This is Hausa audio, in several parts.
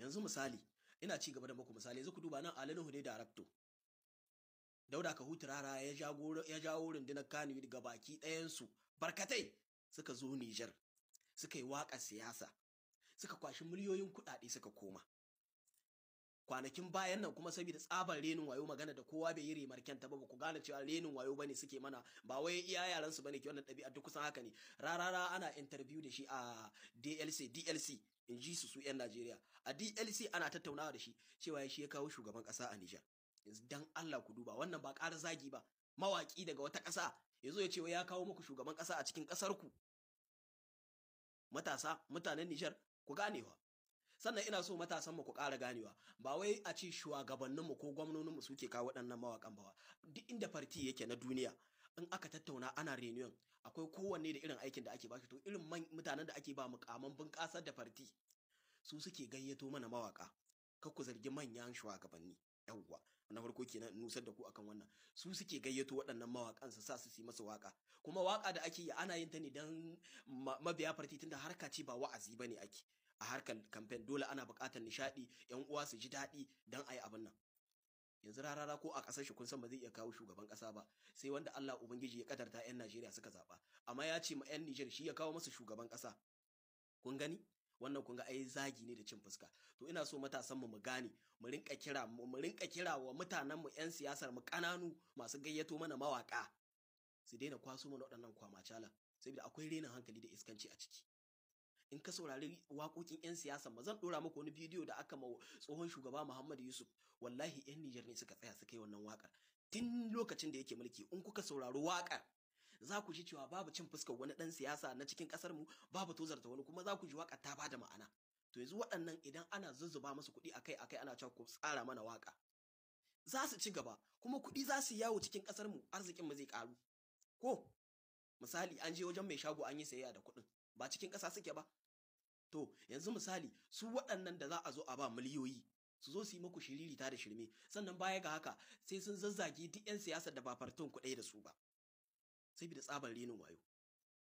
yanzu misali ina ci gaba da muku misali yanzu ku duba nan alanuhu ne darakto dauda ka hutu rara ya jago ya jawo rundunar kanu daga baki ɗayan su barkatai suka zo Nijar suka yi waka siyasa suka kwashi miliyoyin kuɗaɗe suka koma kwanakin bayan nan kuma saboda tsabar renin wayo magana da kowa bai yi remarken ta ba ku gane cewa renin wayo bane suke mana ba wai iya yaran su bane ke wannan ɗabi'a duk kusan haka ne rarara ana interview da shi a DLC DLC in ji su su yan Najeriya a DLC ana tattaunawa da shi cewa shi ya kawo shugaban kasa a Nijar dan Allah ku duba wannan ba ƙara zagi ba mawaki daga wata ƙasa yazo ya ce ya kawo muku shugaban ƙasa a cikin ƙasar ku matasa mutanen Nijar ku ganewa sannan ina so matasan mu ku ƙara ganewa ba wai a ce shugabannin mu ko gwamnonin mu suke kawo waɗannan mawakan ba duk inda farti yake na duniya in aka tattauna ana reunion akwai kowanne da irin aikin da ake ba to irin mutanen da ake ba mukaman bunƙasar da farti su suke gayyato mana mawaka kar ku zargi manyan shugabanni yawwa na farko kenan nusar da ku akan wannan su suke gayyato waɗannan mawakan su sa su yi masa waka kuma waka da ake yi ana yin ta ne don mabiya farti tunda harka ce ba wa'azi bane ake a harkar kamfen dole ana bukatar nishaɗi yan uwa su ji daɗi dan a yi abin nan yanzu rarara ko a ƙasar shi kun san ba zai iya kawo shugaban ƙasa ba sai wanda Allah ubangiji ya kadarta yan Najeriya suka zaɓa amma ya ce ma yan niger shi ya kawo musu shugaban ƙasa kun gani wannan kun ga ai zagi ne da cin fuska to ina so matasan mu mu gane mu rinka kira mu rinka kira wa mutanen mu yan siyasar mu kananu masu gayyato mana mawaka su daina kwaso mana waɗannan kwamacala saboda akwai renin hankali da iskanci a ciki in ka saurari waƙoƙin 'yan siyasa ma zan ɗora muku wani bidiyo da aka ma tsohon shugaba Muhammad Yusuf wallahi 'yan Nijar ne suka tsaya suka yi wannan waƙar tun lokacin da yake mulki in kuka saurari waƙar za ku ji cewa babu cin fuskar wani ɗan siyasa na cikin ƙasar mu babu tozarta wani kuma za ku ji waƙar ta bada ma'ana to yanzu waɗannan idan ana zuzzuba musu kuɗi akai akai ana cewa ku tsara mana waƙa za su ci gaba kuma kuɗi za su yawo cikin ƙasar mu arzikin mu zai ƙaru ko misali an je wajen mai shago an yi sayayya da kuɗin ba cikin ƙasa suke ba to yanzu misali su waɗannan da za a zo a ba miliyoyi su zo su yi muku shiriri ta da shirme sannan baya ga haka sai sun zazzage duk 'yan siyasar da ba fartun kuɗai da su ba sai da tsabar renin wayo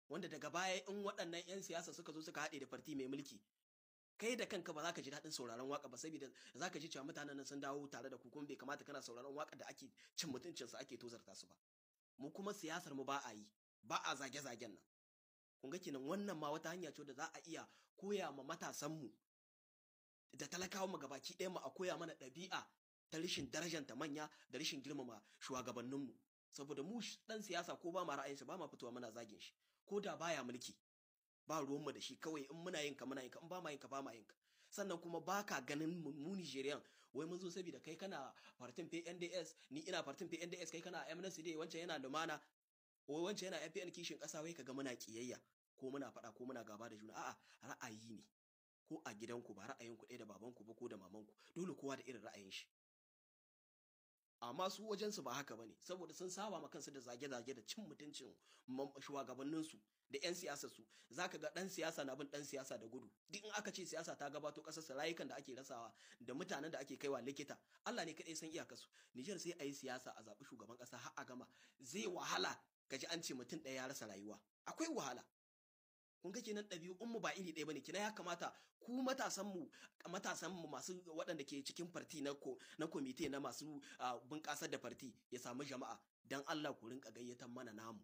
wanda daga baya in waɗannan 'yan siyasa suka zo suka haɗe da farti mai mulki kai da kanka ba za ka ji daɗin sauraron waka ba saboda za ka ji cewa mutanen nan sun dawo tare da ku kuma bai kamata kana sauraron waka da ake cin mutuncinsu ake tozarta su ba mu kuma siyasar mu ba a yi ba a zage-zagen nan kun ga kenan wannan ma wata hanya ce da za a iya koya ma matasanmu da talakawa mu gabaki ɗaya mu a koya mana ɗabi'a ta rashin ta manya da rashin girmama shugabanninmu saboda mu dan siyasa ko ba ma ra'ayinsa ba ma fitowa muna zagin shi ko da baya mulki ba ruwanmu da shi kawai in muna yinka muna yinka in ba ma yinka ba ma yinka sannan kuma ba ka ganin mu Nigerian wai mun zo saboda kai kana partin PNDS ni ina partin PNDS kai kana MNC dai wancan yana lumana o wance yana yan kishin ƙasa wai kaga muna kiyayya ko muna faɗa ko muna gaba da juna a'a ra'ayi ne ko a gidanku ba ra'ayinku ɗaya da babanku ba ko da mamanku dole kowa da irin ra'ayin shi amma su wajensu ba haka bane saboda sun saba ma kansu da zage-zage da cin mutuncin shugabanninsu da 'yan siyasa su zaka ga dan siyasa na bin dan siyasa da gudu duk in aka ce siyasa ta gabato kasarsa layukan da ake rasawa da mutanen da ake kaiwa likita Allah ne kaɗai san iyakarsu Nijar sai a yi siyasa a zaɓi shugaban ƙasa har a gama zai wahala ka ji an ce mutum ɗaya ya rasa rayuwa akwai wahala kun ga kenan ɗabi'un mu ba iri ɗaya bane kina ya kamata ku matasan mu matasan mu masu waɗanda ke cikin farti na ko na komite na masu ah, bunƙasar da farti ya samu jama'a dan Allah ku rinka gayyatar mana namu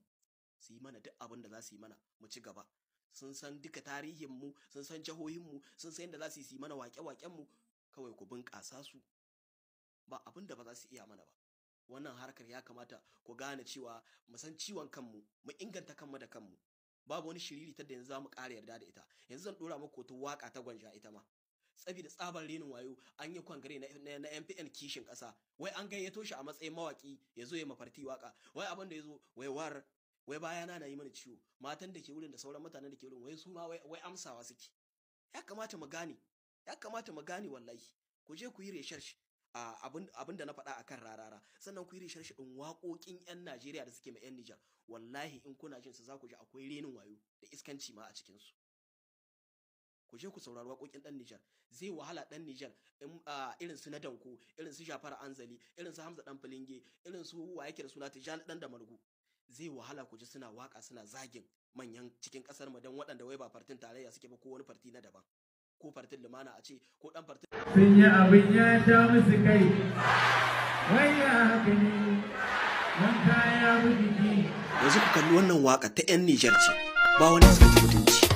su yi mana duk abin da za su yi mana mu ci gaba sun san duka tarihin mu sun san jihohin mu sun san yadda za su yi mana waƙe-waƙen mu kawai ku bunƙasa su ba abin da ba za su iya mana ba wannan harkar ya kamata ku gane cewa mu san ciwon kanmu mu inganta kanmu da kanmu babu wani shiriri ta da yanzu zamu ƙara yarda da ita yanzu zan dora maka hoto waka ta gwanja ita ma saboda tsabar renin wayo an yi kwangare na, na, MPN kishin ƙasa wai an gayyato shi a matsayin mawaki ya zo ya mafarti waka wai abin da ya zo wai war wai bayana na yi mana ciwo matan da ke wurin da sauran mutanen da ke wurin wai su ma wai amsawa suke ya kamata mu gane ya kamata mu gane wallahi ku je ku yi research abin da na faɗa akan rarara sannan ku yi risharshi ɗin waƙoƙin 'yan Najeriya da suke ma 'yan Nijar wallahi in kuna jin su za ku ji akwai renin wayo da iskanci ma a cikin su ku je ku saurari waƙoƙin ɗan Nijar zai wahala ɗan Nijar irin su na Danko irin su Jafar Anzali irin su Hamza ɗan Filinge irin su wa yake da suna Tijjani ɗan da Margu zai wahala ku ji suna waka suna zagin manyan cikin ƙasar mu don waɗanda wai ba fartin tarayya suke ba ko wani farti na daban ko fartin lumana a ce ko dan fartin sun yi abin ya sha musu kai ya haka ne wanka ya bugi yanzu ku kalli wannan waka ta yan Nijar ce ba wani suka mutunci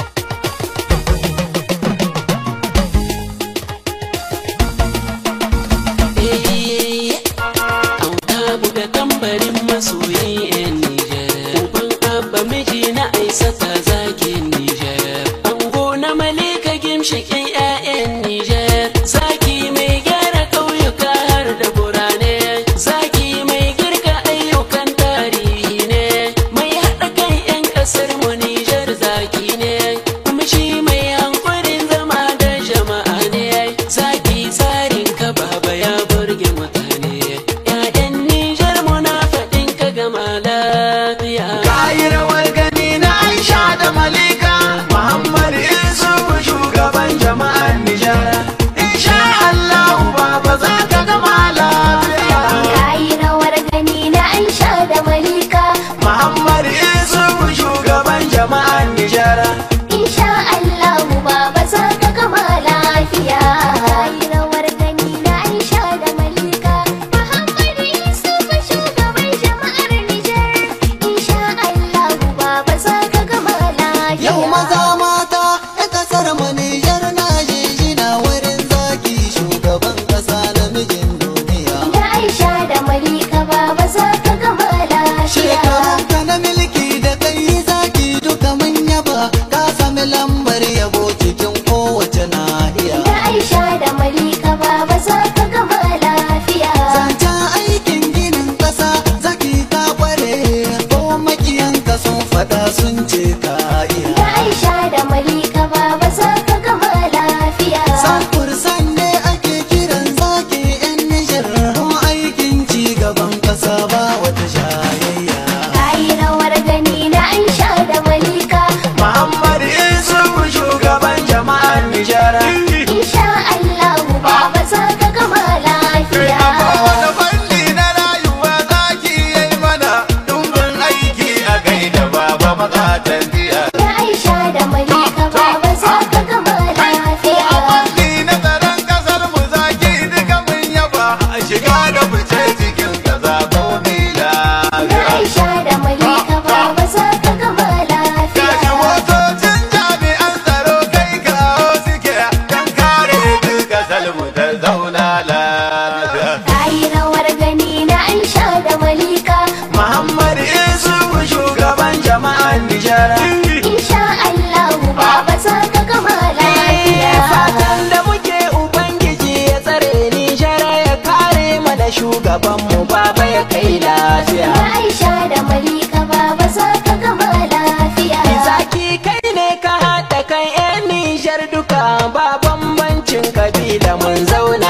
sun na shugaban mu baba ya kai lafiya Aisha da Malika baba za ka gama lafiya Zaki kai ne ka haɗa kan 'yan Nijar duka ba bambancin kabila mun zauna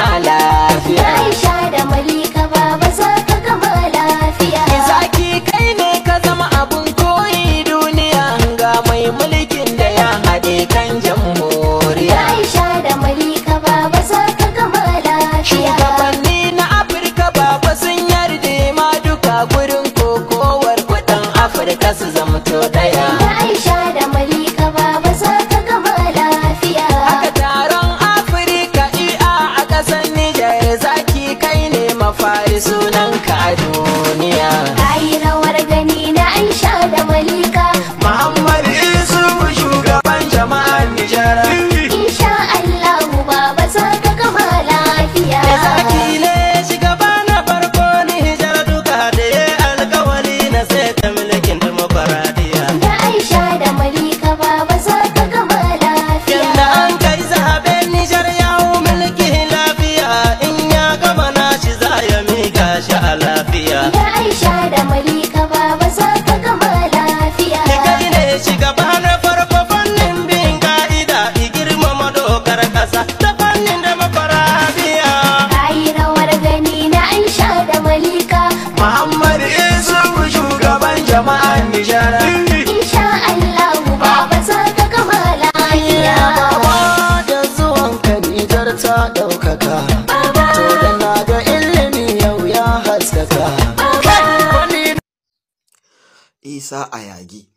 isa a yage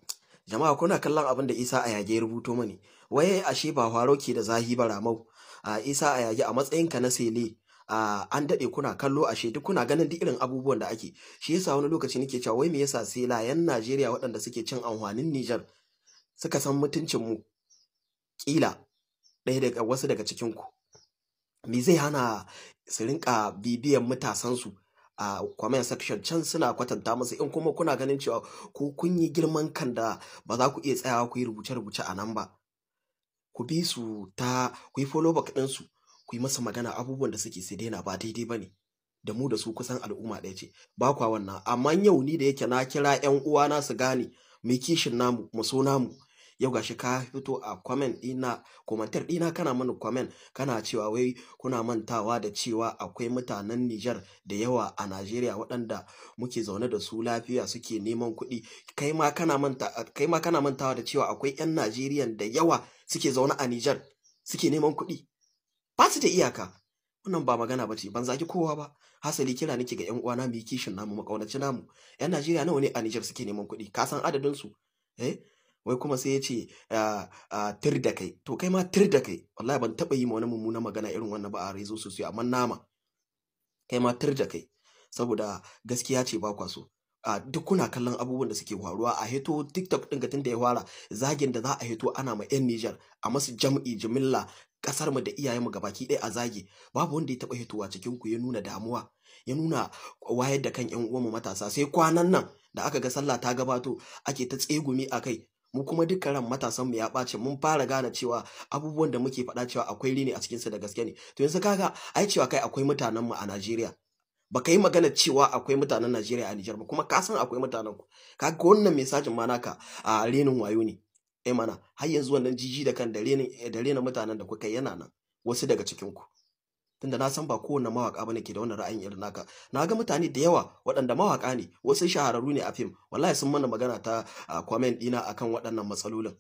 jama'a kuna kallon abin da isa a yage ya rubuto mani waye ashe ba faro ke da zahi ba ramau a isa a yage a matsayinka na sele a an daɗe kuna kallo ashe duk kuna ganin duk irin abubuwan da ake shi yasa wani lokaci nake cewa wai me yasa sai layan Najeriya waɗanda suke cin amfanin Niger suka san mutuncin mu kila ɗaya daga wasu daga cikin ku me zai hana su rinka bibiyan matasansu a comment section can suna kwatanta musu in kuma kuna ganin cewa ko kun yi girman kan da ba za ku iya tsayawa ku yi rubuce-rubuce a nan ba ku bi su ta ku yi follow back su ku yi masa magana abubuwan da suke sai daina ba daidai ba ne da mu da su kusan al'umma ɗaya ce ba kwa wannan amma yau ni da yake na kira 'yan uwana su gane mai kishin namu mu so namu yau gashi ka fito a comment dina komantar dina kana mana comment kana cewa wai kuna mantawa da cewa akwai mutanen Nijar da yawa a Najeriya waɗanda muke zaune da su lafiya suke neman kuɗi kai ma kana manta kai ma kana mantawa da cewa akwai ƴan Najeriyan da yawa suke zaune a Nijar suke neman kuɗi ba su da iyaka wannan ba magana ba ce ban zaki kowa ba hasali kira nake ga ƴan uwana mu kishin namu makaunaci namu ƴan najeriya nawa ne a nijar suke neman kuɗi ka san adadin su eh wai kuma sai ya ce ah, ah, tir da kai to kai ma tir da kai wallahi ban taba yi ma wani mummuna magana irin wannan ba a rezo sosai amma nama kai ma tir da kai saboda gaskiya ce ba kwa so a ah, duk kuna kallon abubuwan da suke faruwa a heto tiktok ɗin tun da ya fara zagin da za a heto ana ma yan nijar a masu jam'i jimilla kasar mu da iyayen mu gabaki ɗaya a zagi babu wanda ya taɓa hitowa cikin ku ya nuna damuwa ya nuna wayar da kan yan uwan mu matasa sai kwanan nan da aka ga sallah ta gabato ake ta tsegumi a kai mu kuma duka ran matasan mu ya ɓace mun fara gane cewa abubuwan da muke faɗa cewa akwai rini a cikinsa da gaske ne to yanzu kaga ai cewa kai akwai mutanen mu a Najeriya baka yi magana cewa akwai mutanen Najeriya a Nijar ba kuma ka san akwai mutanen ku kaga wannan mesajin ma naka a renin wayo ne eh mana har yanzu wannan jiji da kan da renin eh, da renin mutanen da kuka yana nan wasu daga cikin ku tunda na san ba kowanne mawaka bane ke da wannan ra'ayin irin naka na ga mutane da yawa waɗanda mawaka ne wasu shahararru ne a fim wallahi sun mana magana ta comment dina akan waɗannan matsalolin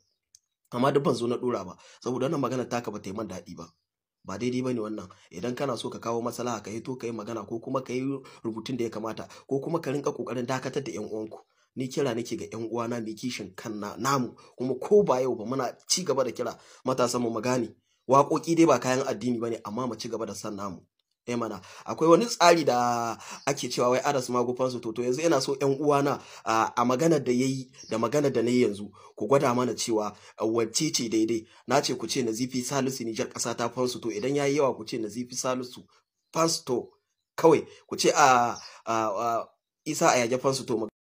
amma duk ban zo na dora ba saboda wannan magana taka ba ta yi man daɗi ba ba daidai ba ne wannan idan kana so ka kawo masala ka hito ka yi magana ko kuma ka yi rubutun da ya kamata ko kuma ka rinka kokarin dakatar da yan uwanku ni kira nake ga yan uwana mai kishin kan namu kuma ko ba yau ba muna ci gaba da kira matasan mu magani waƙoƙi dai ba kayan addini ba ne. amma mu ci gaba da san namu eh mana akwai wani tsari da ake cewa wai aras magufansu to to yanzu yana so yan uwana a maganar da yayi da maganar da nayi yanzu ku gwada mana cewa wacce ce daidai na ce ku ce nazifi salisu jar kasa ta fansu to idan yayi yawa ku ce nazifi salisu fansu to kawai ku ce a isa a yage fansu to